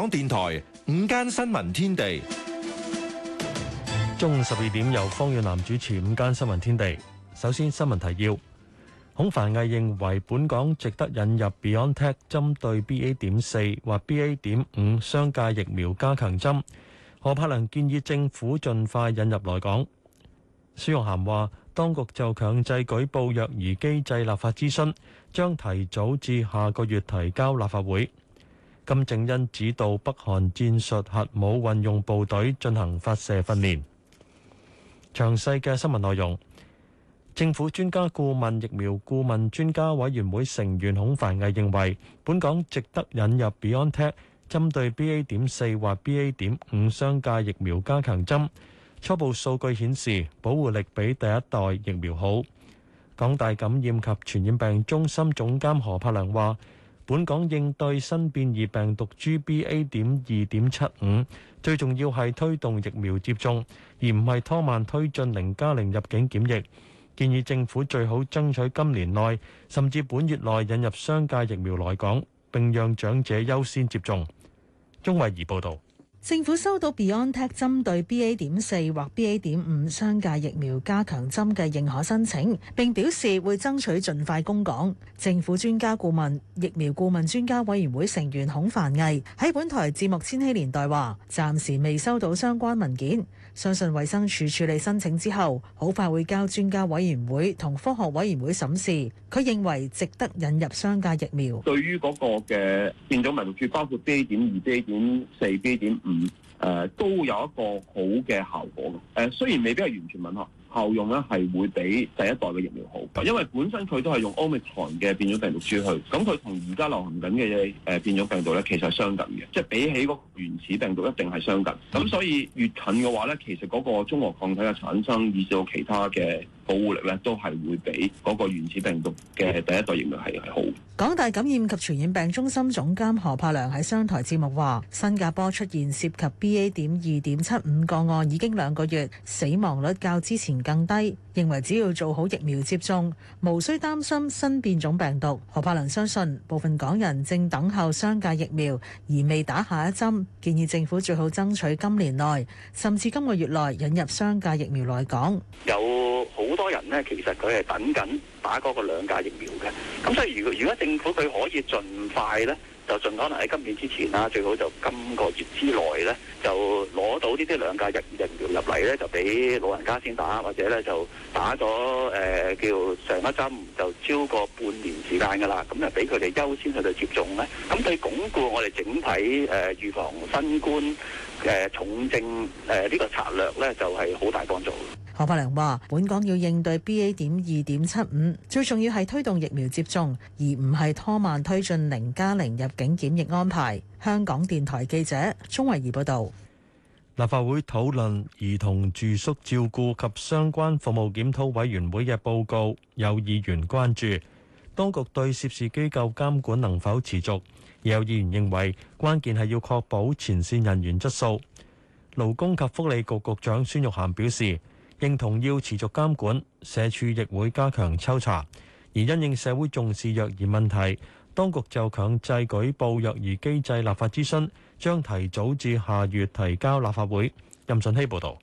港電台午間新聞天地，中午十二點由方遠南主持《午間新聞天地》。首先新聞提要：孔繁毅認為本港值得引入 BioNTech 針對 BA.4 或 BA.5 雙價疫苗加強針。何柏良建議政府盡快引入來港。孫玉菡話，當局就強制舉報虐兒機制立法諮詢，將提早至下個月提交立法會。金正恩指導北韓戰術核武運用部隊進行發射訓練。詳細嘅新聞內容，政府專家顧問疫苗顧問專家委員會成員孔繁毅認為，本港值得引入 Biontech 針對 BA 點四或 BA 點五雙價疫苗加強針。初步數據顯示，保護力比第一代疫苗好。港大感染及傳染病中心總監何柏良話，本港應對新變異病毒 GBA 點二點七五，最重要係推動疫苗接種，而唔係拖慢推進零加零入境檢疫。建議政府最好爭取今年內，甚至本月內引入商界疫苗來港，並讓長者優先接種。鍾慧儀報導。政府收到 Beyond Tech 針對 B A 點四或 B A 點五雙價疫苗加強針嘅認可申請，並表示會爭取盡快供港。政府專家顧問、疫苗顧問專家委員會成員孔繁毅喺本台節目千禧年代話：暫時未收到相關文件。相信衛生署處理申請之後，好快會交專家委員會同科學委員會審視。佢認為值得引入雙價疫苗。對於嗰個嘅變種病毒株，包括 B. 點二、呃、B. 點四、B. 點五，誒都有一個好嘅效果嘅。誒、呃、雖然未必係完全吻合。效用咧係會比第一代嘅疫苗好，因為本身佢都係用 Omicron 嘅變種病毒株去，咁佢同而家流行緊嘅嘢誒變種病毒咧其實係相近嘅，即係比起嗰原始病毒一定係相近，咁所以越近嘅話咧，其實嗰個中和抗體嘅產生以至到其他嘅。保護力都係會比嗰個原始病毒嘅第一代疫苗係好。港大感染及傳染病中心總監何柏良喺商台節目話：新加坡出現涉及 B A 點二點七五個案已經兩個月，死亡率較之前更低。認為只要做好疫苗接種，無需擔心新變種病毒。何柏良相信部分港人正等候商界疫苗而未打下一針，建議政府最好爭取今年內甚至今個月內引入商界疫苗來港。有，好多人呢，其實佢係等緊打嗰個兩價疫苗嘅。咁所以，如果如果政府佢可以盡快呢，就盡可能喺今年之前啦，最好就今個月之內呢，就攞到呢啲兩價疫苗疫苗入嚟呢，就俾老人家先打，或者呢就打咗誒、呃、叫上一針，就超過半年時間嘅啦。咁就俾佢哋優先去到接種呢。咁對鞏固我哋整體誒預、呃、防新冠誒、呃、重症誒呢、呃這個策略呢，就係、是、好大幫助。何栢良話，本港要應對 BA 點二點七五，最重要係推動疫苗接種，而唔係拖慢推進零加零入境檢疫安排。香港電台記者鍾慧儀報道。立法會討論兒童住宿照顧及相關服務檢討委員會嘅報告，有議員關注當局對涉事機構監管能否持續。有議員認為關鍵係要確保前線人員質素。勞工及福利局局長孫玉菡表示，認同要持續監管，社署亦會加強抽查。而因應社會重視虐兒問題，當局就強制舉報虐兒機制立法諮詢，將提早至下月提交立法會。任信希報導。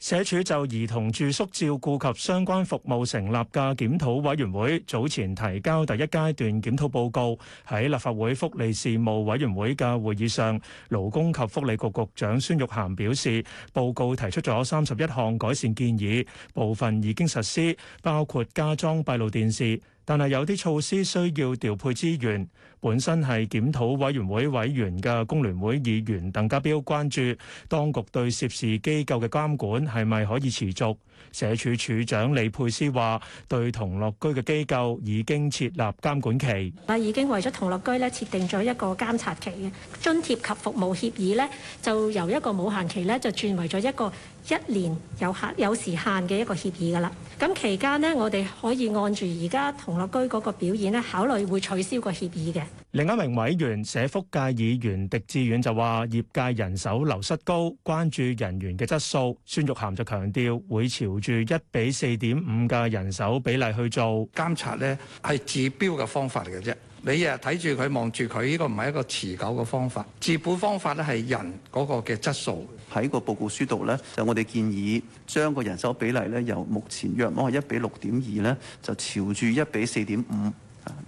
社署就兒童住宿照顧及相關服務成立嘅檢討委員會，早前提交第一階段檢討報告。喺立法會福利事務委員會嘅會議上，勞工及福利局局長孫玉菡表示，報告提出咗三十一項改善建議，部分已經實施，包括加裝閉路電視，但係有啲措施需要調配資源。本身係檢討委員會委員嘅工聯會議員鄧家彪關注當局對涉事機構嘅監管係咪可以持續？社署署長李佩斯話：對同樂居嘅機構已經設立監管期，已經為咗同樂居呢設定咗一個監察期嘅津貼及服務協議呢，就由一個冇限期呢，就轉為咗一個一年有限有時限嘅一個協議㗎喇。咁期間呢，我哋可以按住而家同樂居嗰個表演呢，考慮會取消個協議嘅。另一名委員社福界議員狄志遠就話：業界人手流失高，關注人員嘅質素。孫玉菡就強調會朝住一比四點五嘅人手比例去做監察，呢係治標嘅方法嚟嘅啫。你日睇住佢，望住佢，呢個唔係一個持久嘅方法。治本方法咧係人嗰個嘅質素。喺個報告書度呢，就我哋建議將個人手比例呢由目前約摸係一比六點二呢，就朝住一比四點五。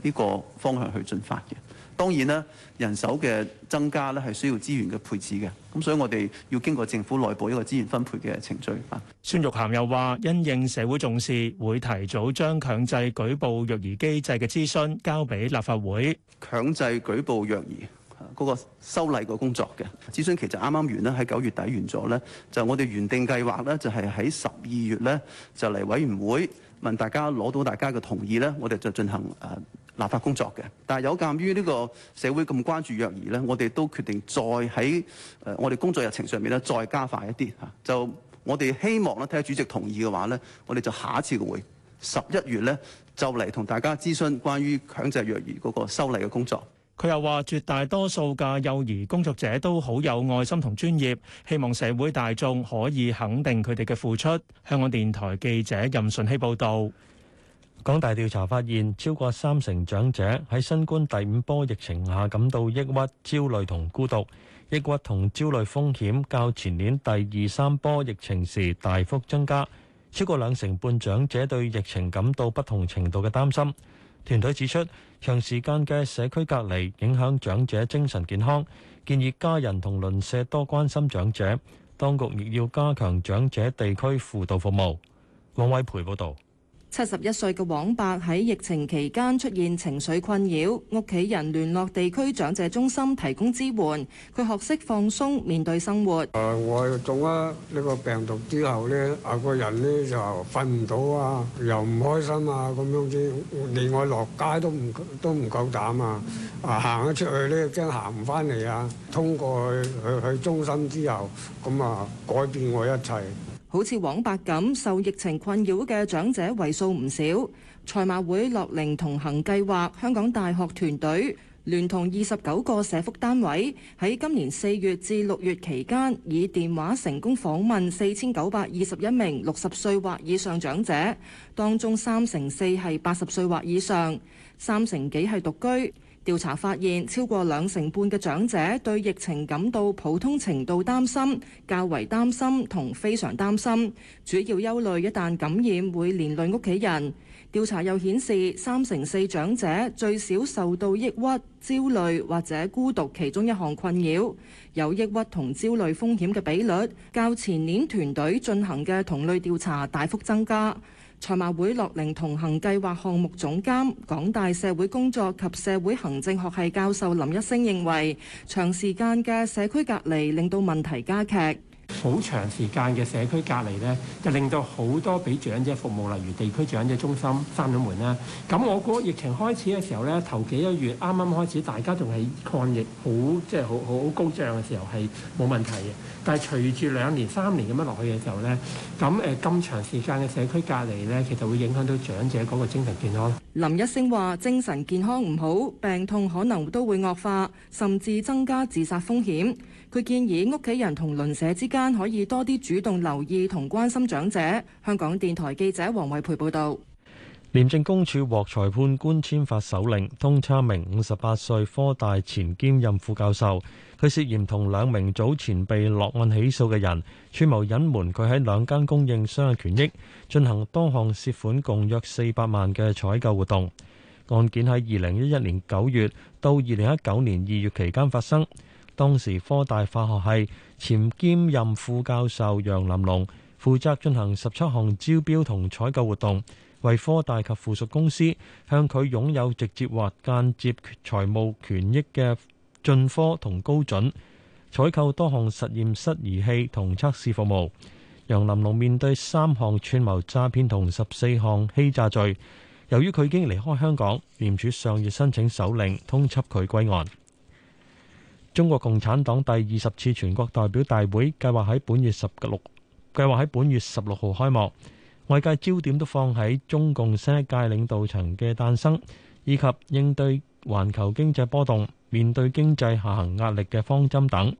呢個方向去進發嘅，當然啦，人手嘅增加咧係需要資源嘅配置嘅，咁所以我哋要經過政府內部一個資源分配嘅程序。啊，孫玉菡又話：因應社會重視，會提早將強制舉報虐兒機制嘅諮詢交俾立法會。強制舉報虐兒嗰個修例個工作嘅諮詢其實啱啱完咧，喺九月底完咗咧，就我哋原定計劃咧就係喺十二月咧就嚟委員會。問大家攞到大家嘅同意咧，我哋就進行誒、呃、立法工作嘅。但係有鑑於呢個社會咁關注弱兒咧，我哋都決定再喺誒、呃、我哋工作日程上面咧再加快一啲嚇、啊。就我哋希望咧，睇下主席同意嘅話咧，我哋就下一次嘅會十一月咧就嚟同大家諮詢關於強制弱兒嗰個修例嘅工作。佢又話：絕大多數嘅幼兒工作者都好有愛心同專業，希望社會大眾可以肯定佢哋嘅付出。香港電台記者任順希報導。港大調查發現，超過三成長者喺新冠第五波疫情下感到抑鬱、焦慮同孤獨，抑鬱同焦慮風險較前年第二、三波疫情時大幅增加，超過兩成半長者對疫情感到不同程度嘅擔心。團隊指出，長時間嘅社區隔離影響長者精神健康，建議家人同鄰舍多關心長者。當局亦要加強長者地區輔導服務。王偉培報導。七十一歲嘅黃伯喺疫情期間出現情緒困擾，屋企人聯絡地區長者中心提供支援，佢學識放鬆面對生活。誒，我中咗呢個病毒之後咧，啊個人咧就瞓唔到啊，又唔開心啊，咁樣先，連我落街都唔都唔夠膽啊，啊行咗出去咧驚行唔翻嚟啊，通過去去去中心之後，咁啊改變我一切。好似王伯咁受疫情困擾嘅長者為數唔少。賽馬會樂齡同行計劃、香港大學團隊聯同二十九個社福單位喺今年四月至六月期間，以電話成功訪問四千九百二十一名六十歲或以上長者，當中三成四係八十歲或以上，三成幾係獨居。調查發現，超過兩成半嘅長者對疫情感到普通程度擔心，較為擔心同非常擔心，主要憂慮一旦感染會連累屋企人。調查又顯示，三成四長者最少受到抑鬱、焦慮或者孤獨其中一項困擾，有抑鬱同焦慮風險嘅比率，較前年團隊進行嘅同類調查大幅增加。賽馬會樂齡同行計劃項目總監、港大社會工作及社會行政學系教授林一星認為，長時間嘅社區隔離令到問題加劇。好長時間嘅社區隔離呢，就令到好多俾長者服務，例如地區長者中心閂咗門啦。咁我嗰疫情開始嘅時候呢，頭幾個月啱啱開始，大家仲係抗疫好即係好好高漲嘅時，時候，係冇問題嘅。但係隨住兩年三年咁樣落去嘅時候呢，咁誒咁長時間嘅社區隔離呢，其實會影響到長者嗰個精神健康。林一星話：精神健康唔好，病痛可能都會惡化，甚至增加自殺風險。佢建議屋企人同鄰舍之間可以多啲主動留意同關心長者。香港電台記者黃慧培報道。廉政公署獲裁判官簽發手令，通緝名五十八歲科大前兼任副教授。佢涉嫌同兩名早前被落案起訴嘅人串謀隱瞞佢喺兩間供應商嘅權益，進行多項涉款共約四百萬嘅採購活動。案件喺二零一一年九月到二零一九年二月期間發生。當時科大化學系前兼任副教授楊林龍負責進行十七項招標同採購活動，為科大及附屬公司向佢擁有直接或間接財務權益嘅進科同高準採購多項實驗室儀器同測試服務。楊林龍面對三項串謀詐騙同十四項欺詐罪，由於佢已經離開香港，廉署上月申請手令通緝佢歸案。中國共產黨第二十次全國代表大會計劃喺本月十六，計劃喺本月十六號開幕。外界焦點都放喺中共新一屆領導層嘅誕生，以及應對環球經濟波動、面對經濟下行壓力嘅方針等。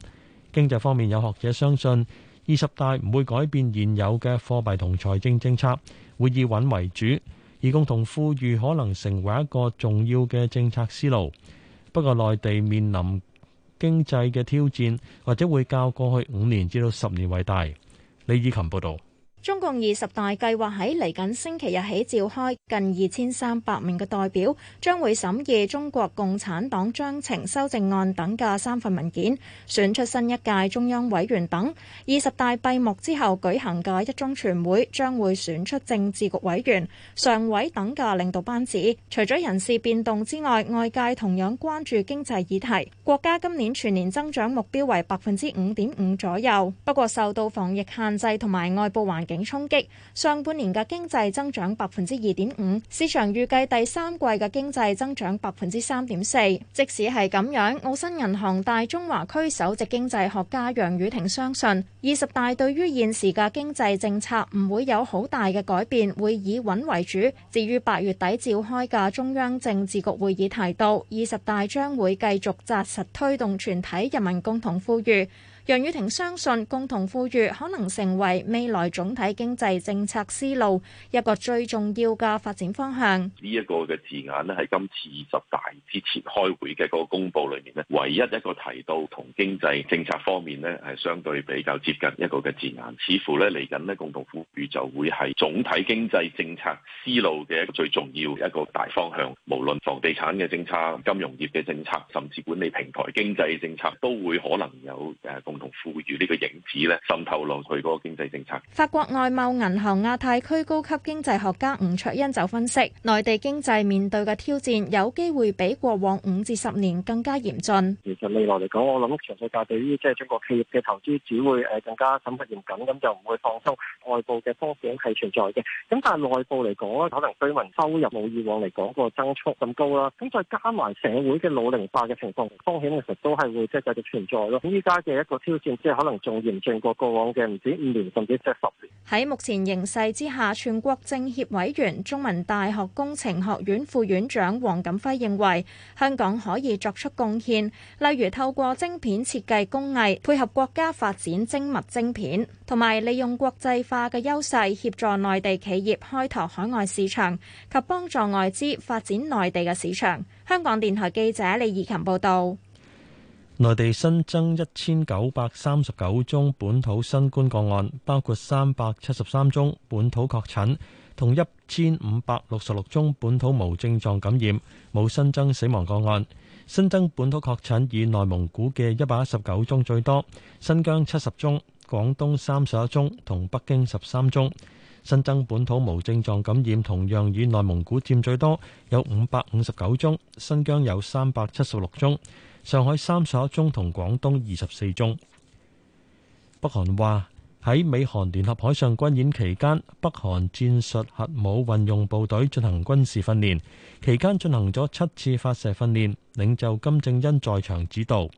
經濟方面，有學者相信，二十大唔會改變現有嘅貨幣同財政政策，會以穩為主，而共同富裕可能成為一個重要嘅政策思路。不過，內地面臨經濟嘅挑戰，或者會較過去五年至到十年為大。李以琴報道。中共二十大計劃喺嚟緊星期日起召開，近二千三百名嘅代表將會審議中國共產黨章程修正案等嘅三份文件，選出新一屆中央委員等。二十大閉幕之後舉行嘅一中全會將會選出政治局委員、常委等嘅領導班子。除咗人事變動之外，外界同樣關注經濟議題。國家今年全年增長目標為百分之五點五左右，不過受到防疫限制同埋外部環景衝擊，上半年嘅經濟增長百分之二點五，市場預計第三季嘅經濟增長百分之三點四。即使係咁樣澳新銀行大中華區首席經濟學家楊雨婷相信，二十大對於現時嘅經濟政策唔會有好大嘅改變會以穩為主。至於八月底召開嘅中央政治局會議提到二十大將會繼續扎實推動全體人民共同富裕。楊宇霆相信，共同富裕可能成為未來總體經濟政策思路一個最重要嘅發展方向。呢一個嘅字眼咧，係今次二十大之前開會嘅嗰個公報裏面咧，唯一一個提到同經濟政策方面咧，係相對比較接近一個嘅字眼。似乎咧嚟緊咧，共同富裕就會係總體經濟政策思路嘅一個最重要一個大方向。無論房地產嘅政策、金融業嘅政策，甚至管理平台經濟政策，都會可能有誒共。同賦予呢個影子咧，滲透落去嗰個經濟政策。法國外貿銀行亞太區高級經濟學家吳卓恩就分析，內地經濟面對嘅挑戰，有機會比過往五至十年更加嚴峻。其實未來嚟講，我諗全世界對於即係中國企業嘅投資，只會誒更加審慎嚴謹，咁就唔會放鬆外部嘅風險係存在嘅。咁但係內部嚟講咧，可能居民收入冇以往嚟講個增速咁高啦。咁再加埋社會嘅老齡化嘅情況，風險其實都係會即係繼續存在咯。咁依家嘅一個。挑戰即係可能仲嚴重過過往嘅唔止五年，甚至即十年。喺目前形勢之下，全國政協委員、中文大學工程學院副院長黃錦輝認為，香港可以作出貢獻，例如透過晶片設計工藝配合國家發展精密晶片，同埋利用國際化嘅優勢協助內地企業開拓海外市場及幫助外資發展內地嘅市場。香港電台記者李怡琴報道。內地新增一千九百三十九宗本土新冠個案，包括三百七十三宗本土確診，同一千五百六十六宗本土無症狀感染，冇新增死亡個案。新增本土確診以內蒙古嘅一百一十九宗最多，新疆七十宗，廣東三十一宗，同北京十三宗。新增本土無症狀感染同樣以內蒙古佔最多，有五百五十九宗，新疆有三百七十六宗。上海三十一宗同廣東二十四宗。北韓話喺美韓聯合海上軍演期間，北韓戰術核武運用部隊進行軍事訓練，期間進行咗七次發射訓練，領袖金正恩在場指導。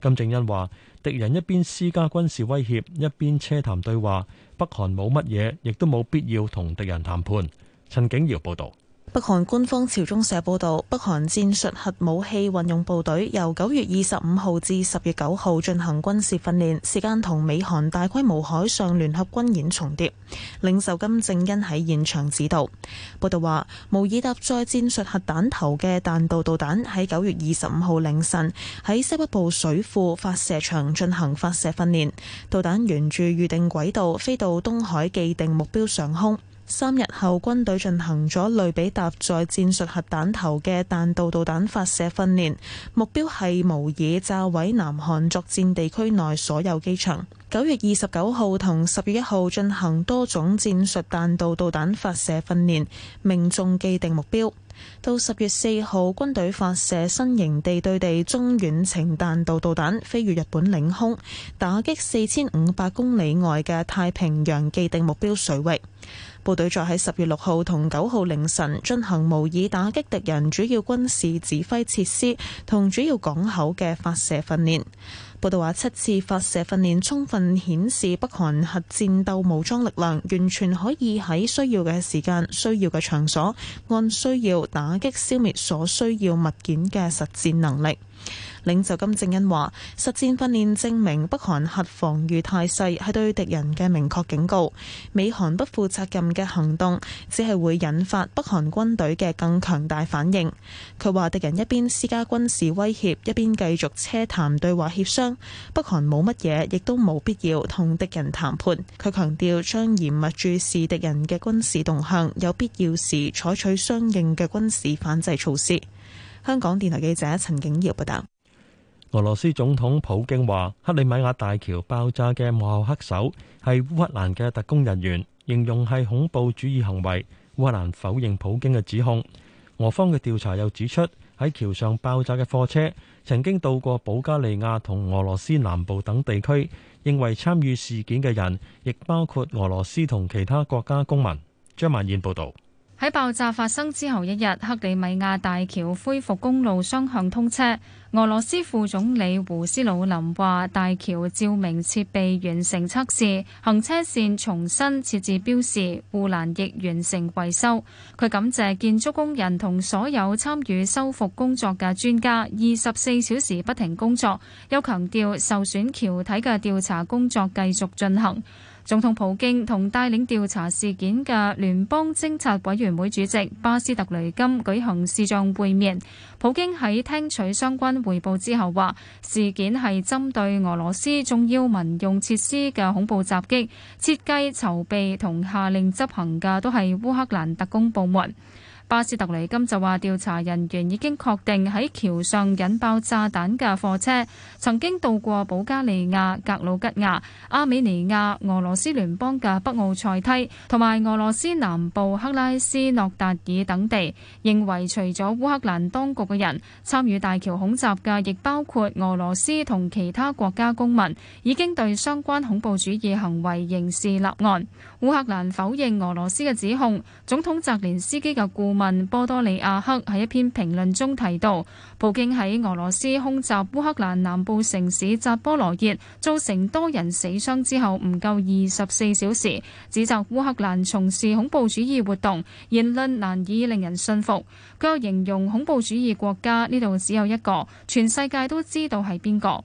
金正恩話：敵人一邊施加軍事威脅，一邊奢談對話。北韓冇乜嘢，亦都冇必要同敵人談判。陳景堯報道。北韓官方朝中社報導，北韓戰術核武器運用部隊由九月二十五號至十月九號進行軍事訓練，時間同美韓大規模海上聯合軍演重疊。領袖金正恩喺現場指導。報導話，無以搭載戰術核彈頭嘅彈道導彈喺九月二十五號凌晨喺西北部，部水庫發射場進行發射訓練，導彈沿住預定軌道飛到東海既定目標上空。三日後，軍隊進行咗類比搭載戰術核彈頭嘅彈道導彈發射訓練，目標係模擬炸毀南韓作戰地區內所有機場。九月二十九號同十月一號進行多種戰術彈道導彈發射訓練，命中既定目標。到十月四號，軍隊發射新型地對地中遠程彈道導彈，飛越日本領空，打擊四千五百公里外嘅太平洋既定目標水域。部隊再喺十月六號同九號凌晨進行模擬打擊敵人主要軍事指揮設施同主要港口嘅發射訓練。報道話七次發射訓練充分顯示北韓核戰鬥武裝力量完全可以喺需要嘅時間、需要嘅場所，按需要打擊、消滅所需要物件嘅實戰能力。領袖金正恩話：實戰訓練證明北韓核防禦態勢，係對敵人嘅明確警告。美韓不負責任嘅行動，只係會引發北韓軍隊嘅更強大反應。佢話：敵人一邊施加軍事威脅，一邊繼續奢談對話協商。北韓冇乜嘢，亦都冇必要同敵人談判。佢強調將嚴密注視敵人嘅軍事動向，有必要時採取相應嘅軍事反制措施。香港電台記者陳景堯報道。俄羅斯總統普京話，克里米亞大橋爆炸嘅幕後黑手係烏克蘭嘅特工人員，形容係恐怖主義行為。烏克蘭否認普京嘅指控。俄方嘅調查又指出，喺橋上爆炸嘅貨車曾經到過保加利亞同俄羅斯南部等地區，認為參與事件嘅人亦包括俄羅斯同其他國家公民。張曼燕報道。喺爆炸發生之後一日，克里米亞大橋恢復公路雙向通車。俄羅斯副總理胡斯魯林話：大橋照明設備完成測試，行車線重新設置標示，護欄亦完成維修。佢感謝建築工人同所有參與修復工作嘅專家，二十四小時不停工作，又強調受損橋體嘅調查工作繼續進行。總統普京同帶領調查事件嘅聯邦偵察委員會主席巴斯特雷金舉行視像會面。普京喺聽取相關匯報之後話，事件係針對俄羅斯重要民用設施嘅恐怖襲擊，設計、籌備同下令執行嘅都係烏克蘭特工部門。巴斯特尼金就話：調查人員已經確定喺橋上引爆炸彈嘅貨車曾經到過保加利亞、格魯吉亞、阿美尼亞、俄羅斯聯邦嘅北奧塞梯同埋俄羅斯南部克拉斯諾達爾等地，認為除咗烏克蘭當局嘅人參與大橋恐襲嘅，亦包括俄羅斯同其他國家公民，已經對相關恐怖主義行為刑事立案。烏克蘭否認俄羅斯嘅指控。總統澤連斯基嘅顧問波多利亞克喺一篇評論中提到，普京喺俄羅斯空襲烏克蘭南部城市扎波羅熱，造成多人死傷之後，唔夠二十四小時，指責烏克蘭從事恐怖主義活動，言論難以令人信服。佢又形容恐怖主義國家呢度只有一個，全世界都知道係邊個。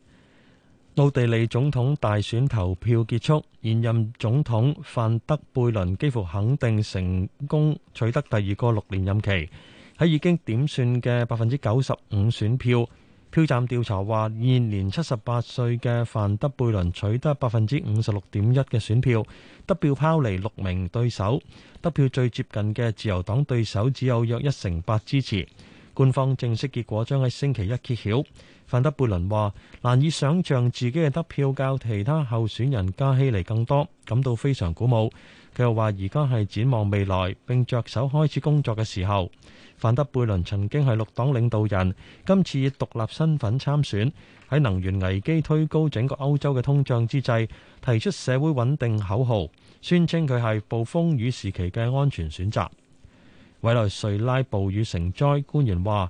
奧地利總統大選投票結束，現任總統范德貝倫幾乎肯定成功取得第二個六年任期。喺已經點算嘅百分之九十五選票，票站調查話，現年七十八歲嘅范德貝倫取得百分之五十六點一嘅選票，得票拋離六名對手，得票最接近嘅自由黨對手只有約一成八支持。官方正式結果將喺星期一揭曉。范德貝倫話：難以想像自己嘅得票較其他候選人加希尼更多，感到非常鼓舞。佢又話：而家係展望未來並着手開始工作嘅時候。范德貝倫曾經係綠黨領導人，今次以獨立身份參選，喺能源危機推高整個歐洲嘅通脹之際，提出社會穩定口號，宣稱佢係暴風雨時期嘅安全選擇。委內瑞拉暴雨成災，官員話，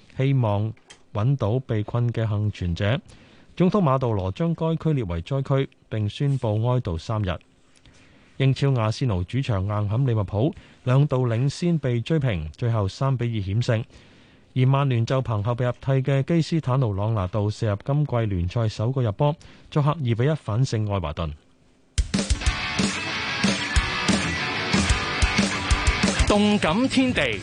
希望揾到被困嘅幸存者。總統馬杜羅將該區列為災區，並宣布哀悼三日。英超，阿仙奴主場硬撼利物浦，兩度領先被追平，最後三比二險勝。而曼聯就憑後備入替嘅基斯坦奴朗拿度射入今季聯賽首個入波，作客二比一反勝愛華頓。動感天地。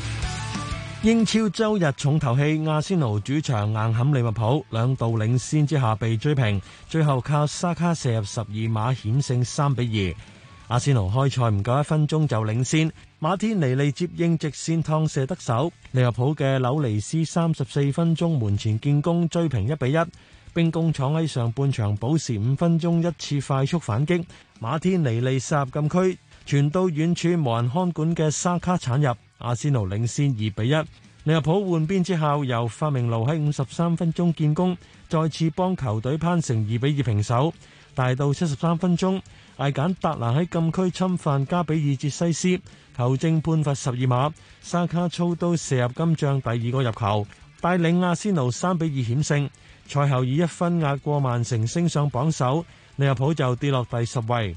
英超周日重頭戲，阿仙奴主場硬撼利物浦，兩度領先之下被追平，最後靠沙卡射入十二碼險勝三比二。阿仙奴開賽唔夠一分鐘就領先，馬天尼利接應直線趟射得手。利物浦嘅紐尼斯三十四分鐘門前建功追平一比一。兵工廠喺上半場補時五分鐘一次快速反擊，馬天尼利殺入禁區傳到遠處無人看管嘅沙卡鏟入。阿仙奴領先二比一，利物浦換邊之後，由法明路喺五十三分鐘建功，再次幫球隊攀成二比二平手。大到七十三分鐘，艾簡達蘭喺禁區侵犯加比爾哲西斯，球證判罰十二碼，沙卡操刀射入今場第二個入球，帶領阿仙奴三比二險勝。賽後以一分壓過曼城，升上榜首。利物浦就跌落第十位。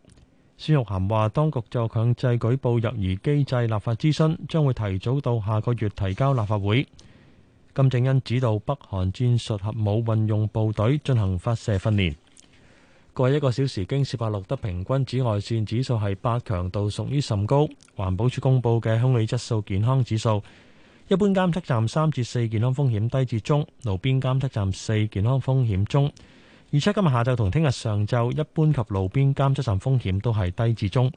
孫玉菡話，當局就強制舉報虐兒機制立法諮詢，將會提早到下個月提交立法會。金正恩指導北韓戰術核武運用部隊進行發射訓練。過一個小時，京士柏錄得平均紫外線指數係八強度，屬於甚高。環保署公佈嘅空氣質素健康指數，一般監測站三至四健康風險低至中，路邊監測站四健康風險中。預測今日下晝同聽日上晝一般及路邊監測站風險都係低至中。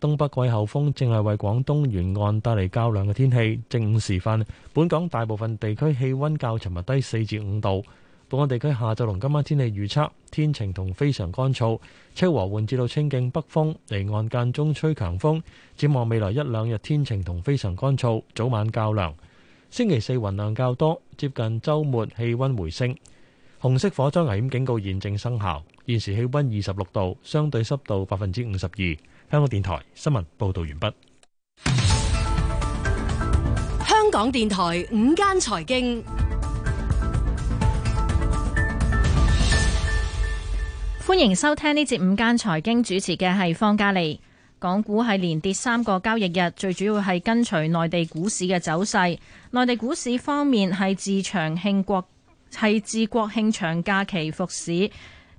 東北季候風正係為廣東沿岸帶嚟較涼嘅天氣。正午時分，本港大部分地區氣温較尋日低四至五度。本港地區下晝同今晚天氣預測：天晴同非常乾燥，吹和緩至到清勁北風，離岸間中吹強風，展望未來一兩日天晴同非常乾燥，早晚較涼，星期四雲量較多，接近周末氣温回升。紅色火災危險警告現正生效，現時氣溫二十六度，相對濕度百分之五十二。香港電台新聞報道完畢。香港電台午間財經，歡迎收聽呢節午間財經，主持嘅係方嘉利。港股係連跌三個交易日，最主要係跟隨內地股市嘅走勢。內地股市方面係自長慶國係自國慶長假期復市，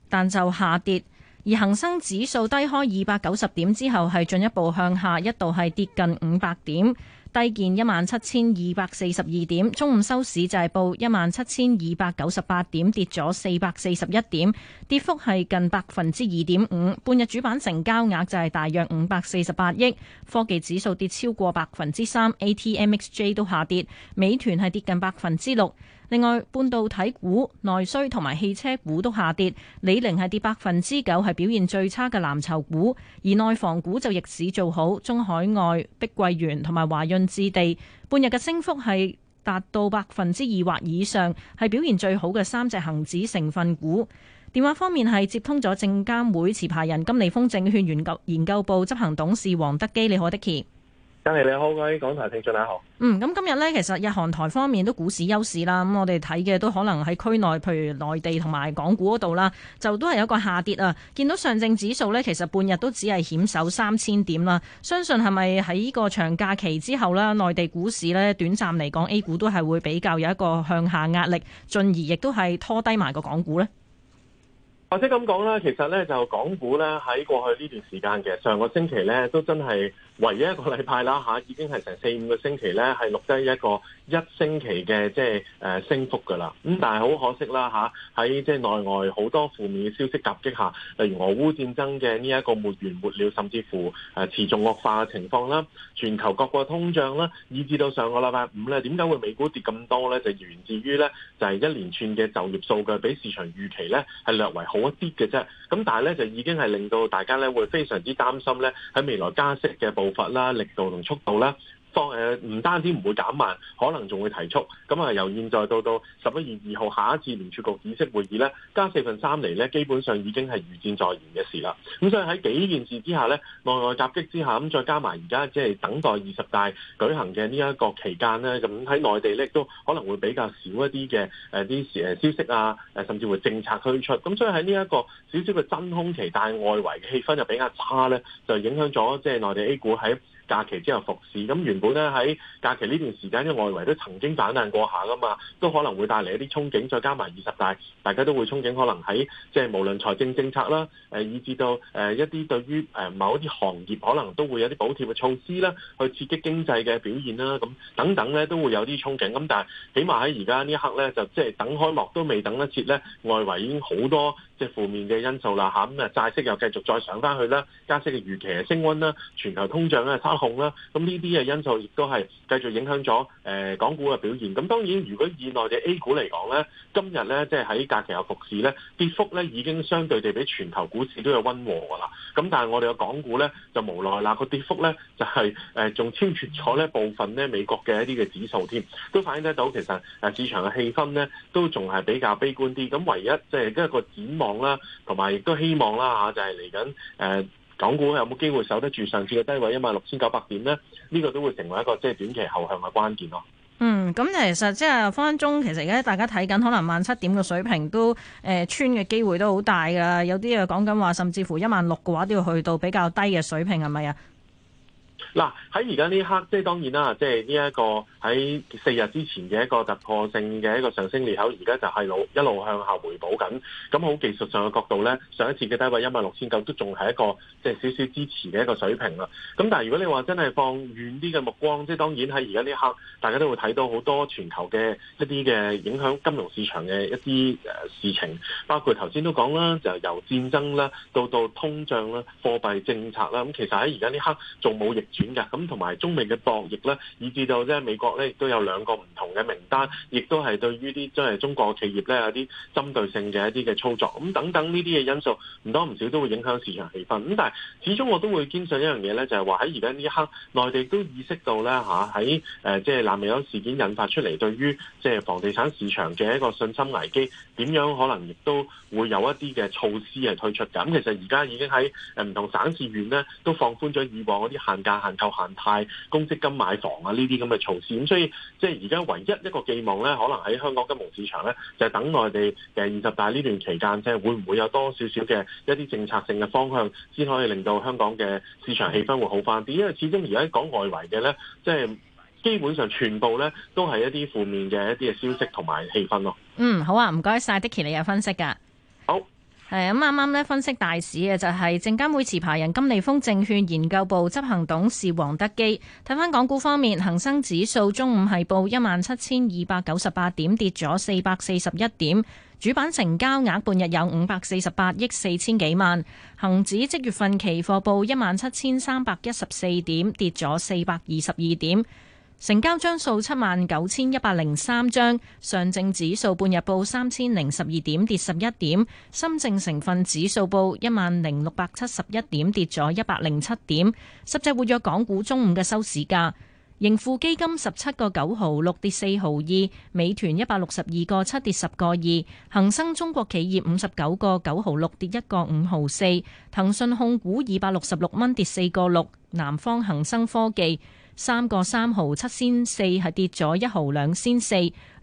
但就下跌。而恒生指數低開二百九十點之後，係進一步向下，一度係跌近五百點，低見一萬七千二百四十二點。中午收市就係報一萬七千二百九十八點，跌咗四百四十一點，跌幅係近百分之二點五。半日主板成交額就係大約五百四十八億。科技指數跌超過百分之三，ATMXJ 都下跌，美團係跌近百分之六。另外，半導體股、內需同埋汽車股都下跌，李寧係跌百分之九，係表現最差嘅藍籌股；而內房股就逆市做好，中海外、碧桂園同埋華潤置地半日嘅升幅係達到百分之二或以上，係表現最好嘅三隻恒指成分股。電話方面係接通咗證監會持牌人金利豐證券研究研究部執行董事黃德基，李可德奇。家麗你好，各位港台聽眾，你好。嗯，咁今日呢，其實日韓台方面都股市休市啦。咁我哋睇嘅都可能喺區內，譬如內地同埋港股嗰度啦，就都係有一個下跌啊。見到上證指數呢，其實半日都只係險守三千點啦。相信係咪喺呢個長假期之後呢，內地股市呢，短暫嚟講，A 股都係會比較有一個向下壓力，進而亦都係拖低埋個港股呢。或者咁講啦，其實呢，就港股呢，喺過去呢段時間嘅上個星期呢，都真係。唯一一個禮拜啦嚇，已經係成四五個星期咧，係錄低一個一星期嘅即係誒升幅㗎啦。咁但係好可惜啦嚇，喺即係內外好多負面嘅消息夾擊下，例如俄烏戰爭嘅呢一個沒完沒了，甚至乎誒持續惡化嘅情況啦，全球各個通脹啦，以至到上個禮拜五咧，點解會美股跌咁多咧？就源自於咧就係一連串嘅就業數據比市場預期咧係略為好一啲嘅啫。咁但係咧就已經係令到大家咧會非常之擔心咧喺未來加息嘅步步伐啦，力度同速度啦，放誒唔單止唔會減慢，可能仲會提速。咁啊，由現在到到十一月二號下一次聯儲局議息會議咧，加四分三厘，咧，基本上已經係預戰在前嘅事啦。咁所以喺幾件事之下咧，內外夾擊之下，咁再加埋而家即係等待二十大舉行嘅呢一個期間咧，咁喺內地咧都可能會比較少一啲嘅誒啲時消息啊，誒甚至乎政策推出。咁所以喺呢一個少少嘅真空期，但係外圍嘅氣氛又比較差咧，就影響咗即係內地 A 股喺。假期之後復市，咁原本咧喺假期呢段時間因為外圍都曾經反彈過下㗎嘛，都可能會帶嚟一啲憧憬，再加埋二十大，大家都會憧憬可能喺即係無論財政政策啦，誒以至到誒一啲對於誒某一啲行業可能都會有啲補貼嘅措施啦，去刺激經濟嘅表現啦，咁等等咧都會有啲憧憬，咁但係起碼喺而家呢一刻咧就即係等開落都未等得切咧，外圍已經好多。即係負面嘅因素啦嚇，咁啊債息又繼續再上翻去啦，加息嘅預期升溫啦，全球通脹咧失控啦，咁呢啲嘅因素亦都係繼續影響咗誒、呃、港股嘅表現。咁、啊、當然，如果以內地 A 股嚟講咧，今日咧即係喺假期又復市咧，跌幅咧已經相對地比全球股市都有溫和㗎啦。咁但係我哋嘅港股咧就無奈啦，個跌幅咧就係誒仲超越咗咧部分咧美國嘅一啲嘅指數添，都反映得到其實誒市場嘅氣氛咧都仲係比較悲觀啲。咁唯一即係一個展望。望啦，同埋亦都希望啦嚇、啊，就係嚟緊誒，港股有冇機會守得住上次嘅低位一萬六千九百點呢，呢、這個都會成為一個即係、就是、短期後向嘅關鍵咯。嗯，咁其實即、就、係、是、方中，其實而家大家睇緊可能萬七點嘅水平都誒、呃、穿嘅機會都好大㗎，有啲又講緊話，甚至乎一萬六嘅話都要去到比較低嘅水平係咪啊？是嗱喺而家呢刻，即係當然啦，即係呢一個喺四日之前嘅一個突破性嘅一個上升裂口，而家就係一路一路向下回補緊。咁好技術上嘅角度咧，上一次嘅低位一萬六千九都仲係一個即係少少支持嘅一個水平啦。咁但係如果你話真係放遠啲嘅目光，即係當然喺而家呢刻，大家都會睇到好多全球嘅一啲嘅影響金融市場嘅一啲誒事情，包括頭先都講啦，就由戰爭啦，到到通脹啦，貨幣政策啦。咁其實喺而家呢刻仲冇疫。轉噶咁同埋中美嘅博弈咧，以至到咧美國咧亦都有兩個唔同嘅名單，亦都係對於啲即係中國企業咧有啲針對性嘅一啲嘅操作咁等等呢啲嘅因素唔多唔少都會影響市場氣氛咁，但係始終我都會堅信一樣嘢咧，就係話喺而家呢一刻，內地都意識到咧吓喺誒即係南美油事件引發出嚟對於即係房地產市場嘅一個信心危機點樣可能亦都會有一啲嘅措施係推出咁、嗯。其實而家已經喺誒唔同省市縣咧都放寬咗以往嗰啲限價。限購限貸、公積金買房啊，呢啲咁嘅措施，咁所以即係而家唯一一個寄望咧，可能喺香港金融市場咧，就係等內地誒二十大呢段期間，即係會唔會有多少少嘅一啲政策性嘅方向，先可以令到香港嘅市場氣氛會好翻啲？因為始終而家講外圍嘅咧，即係基本上全部咧都係一啲負面嘅一啲嘅消息同埋氣氛咯。嗯，好啊，唔該晒，Dickie，你有分析㗎。係咁啱啱呢分析大市嘅就係證監會持牌人金利豐證券研究部執行董事黃德基。睇返港股方面，恒生指數中午係報一萬七千二百九十八點，跌咗四百四十一點。主板成交額半日有五百四十八億四千幾萬。恒指即月份期貨報一萬七千三百一十四點，跌咗四百二十二點。成交張數七萬九千一百零三張，上證指數半日報三千零十二點，跌十一點；深證成分指數報一萬零六百七十一點，跌咗一百零七點。十隻活躍港股中午嘅收市價，盈富基金十七個九毫六跌四毫二，美團一百六十二個七跌十個二，恒生中國企業五十九個九毫六跌一個五毫四，騰訊控股二百六十六蚊跌四個六。南方恒生科技三個三毫七仙四，係跌咗一毫兩仙四。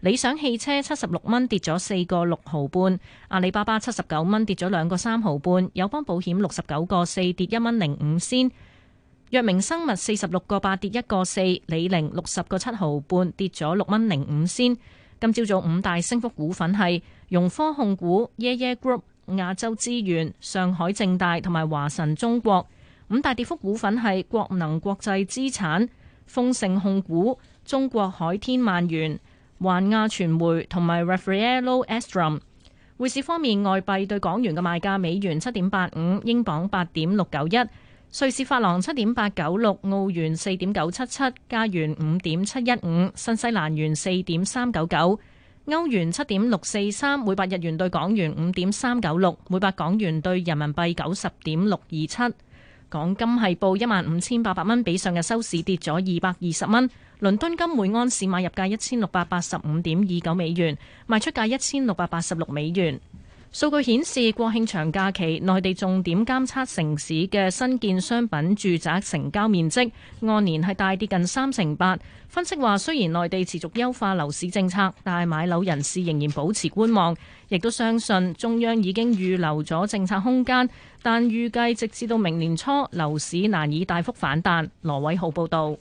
理想汽車七十六蚊跌咗四個六毫半。阿里巴巴七十九蚊跌咗兩個三毫半。友邦保險六十九個四跌一蚊零五仙，藥明生物四十六個八跌一個四。李寧六十個七毫半跌咗六蚊零五仙。今朝早五大升幅股份係融科控股、耶、yeah、耶、yeah、group、亞洲資源、上海正大同埋華晨中國。咁大跌幅股份係國能國際資產、豐盛控股、中國海天萬元、萬源、環亞傳媒同埋 Rafaelo Astrum。匯市方面，外幣對港元嘅賣價：美元七點八五，英鎊八點六九一，瑞士法郎七點八九六，澳元四點九七七，加元五點七一五，新西蘭元四點三九九，歐元七點六四三，每百日元對港元五點三九六，每百港元對人民幣九十點六二七。港金係報一萬五千八百蚊，比上日收市跌咗二百二十蚊。倫敦金每安士買入價一千六百八十五點二九美元，賣出價一千六百八十六美元。數據顯示，國慶長假期內地重點監測城市嘅新建商品住宅成交面積按年係大跌近三成八。分析話，雖然內地持續優化樓市政策，但買樓人士仍然保持觀望，亦都相信中央已經預留咗政策空間，但預計直至到明年初，樓市難以大幅反彈，羅偉浩報道。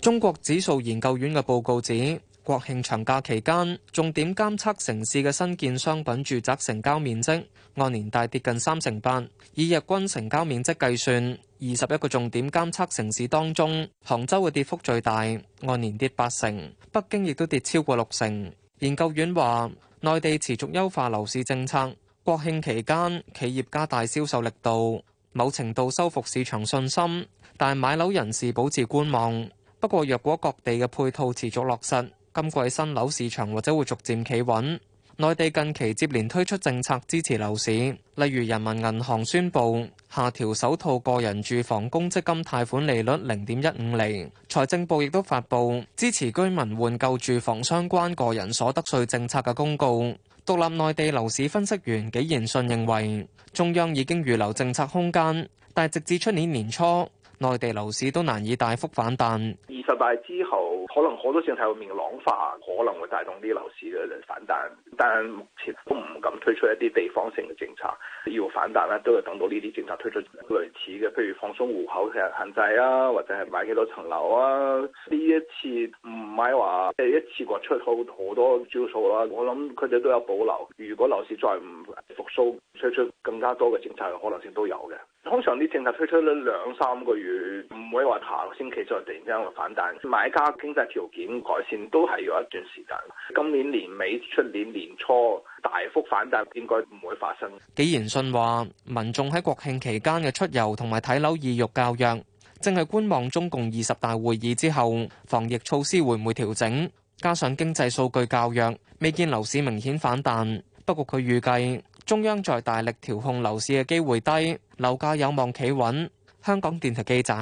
中國指數研究院嘅報告指。國慶長假期間，重點監測城市嘅新建商品住宅成交面積按年大跌近三成八，以日均成交面積計算，二十一個重點監測城市當中，杭州嘅跌幅最大，按年跌八成；北京亦都跌超過六成。研究院話，內地持續優化樓市政策，國慶期間企業加大銷售力度，某程度修復市場信心，但係買樓人士保持觀望。不過，若果各地嘅配套持續落實，今季新樓市場或者會逐漸企穩。內地近期接連推出政策支持樓市，例如人民銀行宣布下調首套個人住房公積金貸款利率零點一五厘。財政部亦都發布支持居民換購住房相關個人所得稅政策嘅公告。獨立內地樓市分析員紀賢信認為，中央已經預留政策空間，但直至出年年初，內地樓市都難以大幅反彈。二十大之後，可能好多政策會明朗化，可能會帶動啲樓市嘅反彈。但目前都唔敢推出一啲地方性嘅政策，要反彈咧，都要等到呢啲政策推出類似嘅，譬如放鬆戶口嘅限制啊，或者係買幾多層樓啊。呢一次唔係話即一次過出好好多招數啦、啊。我諗佢哋都有保留。如果樓市再唔復甦，推出更加多嘅政策嘅可能性都有嘅。通常啲政策推出咗兩三個月，唔會話下個星期再突然之間會反彈。買家經條件改善都係要一段時間。今年年尾，出年年初大幅反彈應該唔會發生。紀賢信話，民衆喺國慶期間嘅出遊同埋睇樓意欲較弱，正係觀望中共二十大會議之後防疫措施會唔會調整，加上經濟數據較弱，未見樓市明顯反彈。不過佢預計中央在大力調控樓市嘅機會低，樓價有望企穩。香港電台記者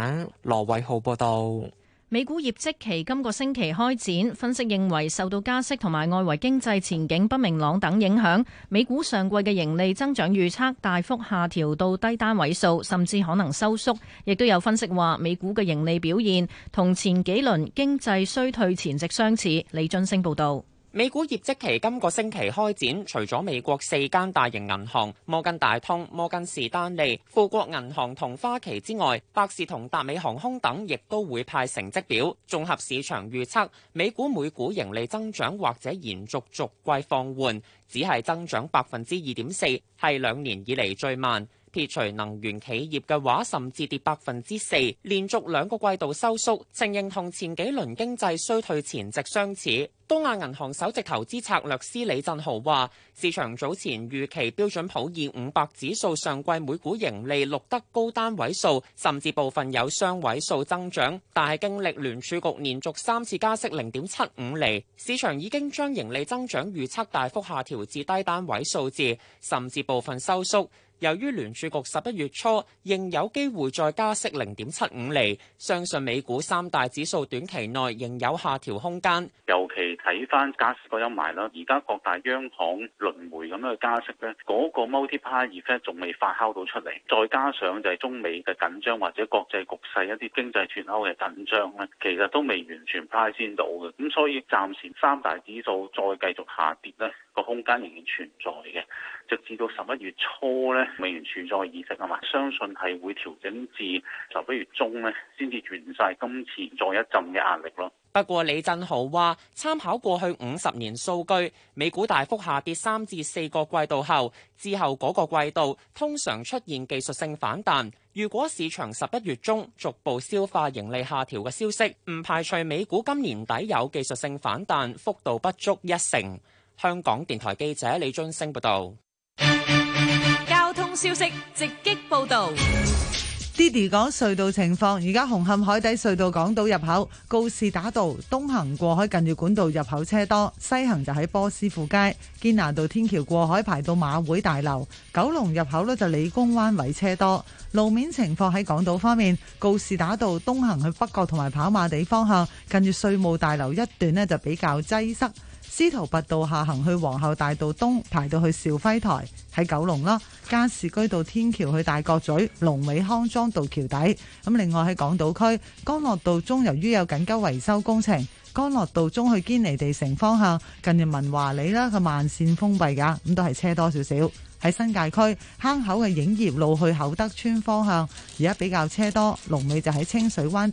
羅偉浩報道。美股業績期今個星期開展，分析認為受到加息同埋外圍經濟前景不明朗等影響，美股上季嘅盈利增長預測大幅下調到低單位數，甚至可能收縮。亦都有分析話，美股嘅盈利表現同前幾輪經濟衰退前夕相似。李俊升報道。美股業績期今個星期開展，除咗美國四間大型銀行、摩根大通、摩根士丹利、富國銀行同花旗之外，百事同達美航空等亦都會派成績表。綜合市場預測，美股每股盈利增長或者延續逐季放緩，只係增長百分之二點四，係兩年以嚟最慢。撇除能源企業嘅話，甚至跌百分之四，連續兩個季度收縮，正認同前幾輪經濟衰退前夕相似。東亞銀行首席投資策略師李振豪話，市場早前預期標準普爾五百指數上季每股盈利錄得高單位數，甚至部分有雙位數增長。但係經歷聯儲局連續三次加息零點七五厘，市場已經將盈利增長預測大幅下調至低單位數字，甚至部分收縮。由於聯儲局十一月初仍有機會再加息零點七五厘，相信美股三大指數短期內仍有下調空間。尤其睇翻加息嗰一埋啦，而家各大央行輪迴咁樣嘅加息咧，嗰、嗰個 multiplier effect 仲未發酵到出嚟，再加上就係中美嘅緊張或者國際局勢一啲經濟脫歐嘅緊張咧，其實都未完全派先到嘅，咁所以暫時三大指數再繼續下跌咧，個空間仍然存在嘅，直至到十一月初咧，美元處再議息啊嘛，相信係會調整至十一月中咧，先至完晒今次再一陣嘅壓力咯。不過，李振豪話：參考過去五十年數據，美股大幅下跌三至四個季度後，之後嗰個季度通常出現技術性反彈。如果市場十一月中逐步消化盈利下調嘅消息，唔排除美股今年底有技術性反彈，幅度不足一成。香港電台記者李津升報導。交通消息直擊報導。Diddy 講隧道情況，而家紅磡海底隧道港島入口告士打道東行過海近住管道入口車多，西行就喺波斯富街堅拿道天橋過海排到馬會大樓，九龍入口呢就理工灣位車多。路面情況，喺港島方面，告士打道東行去北角同埋跑馬地方向，近住稅務大樓一段呢就比較擠塞。司徒拔道下行去皇后大道東，排到去肇輝台喺九龍啦；加士居道天橋去大角咀，龍尾康莊道橋底。咁另外喺港島區，干諾道中由於有緊急維修工程，干諾道中去堅尼地城方向，近日文華里啦個慢線封閉噶，咁都係車多少少。喺新界區，坑口嘅影業路去厚德村方向，而家比較車多，龍尾就喺清水灣。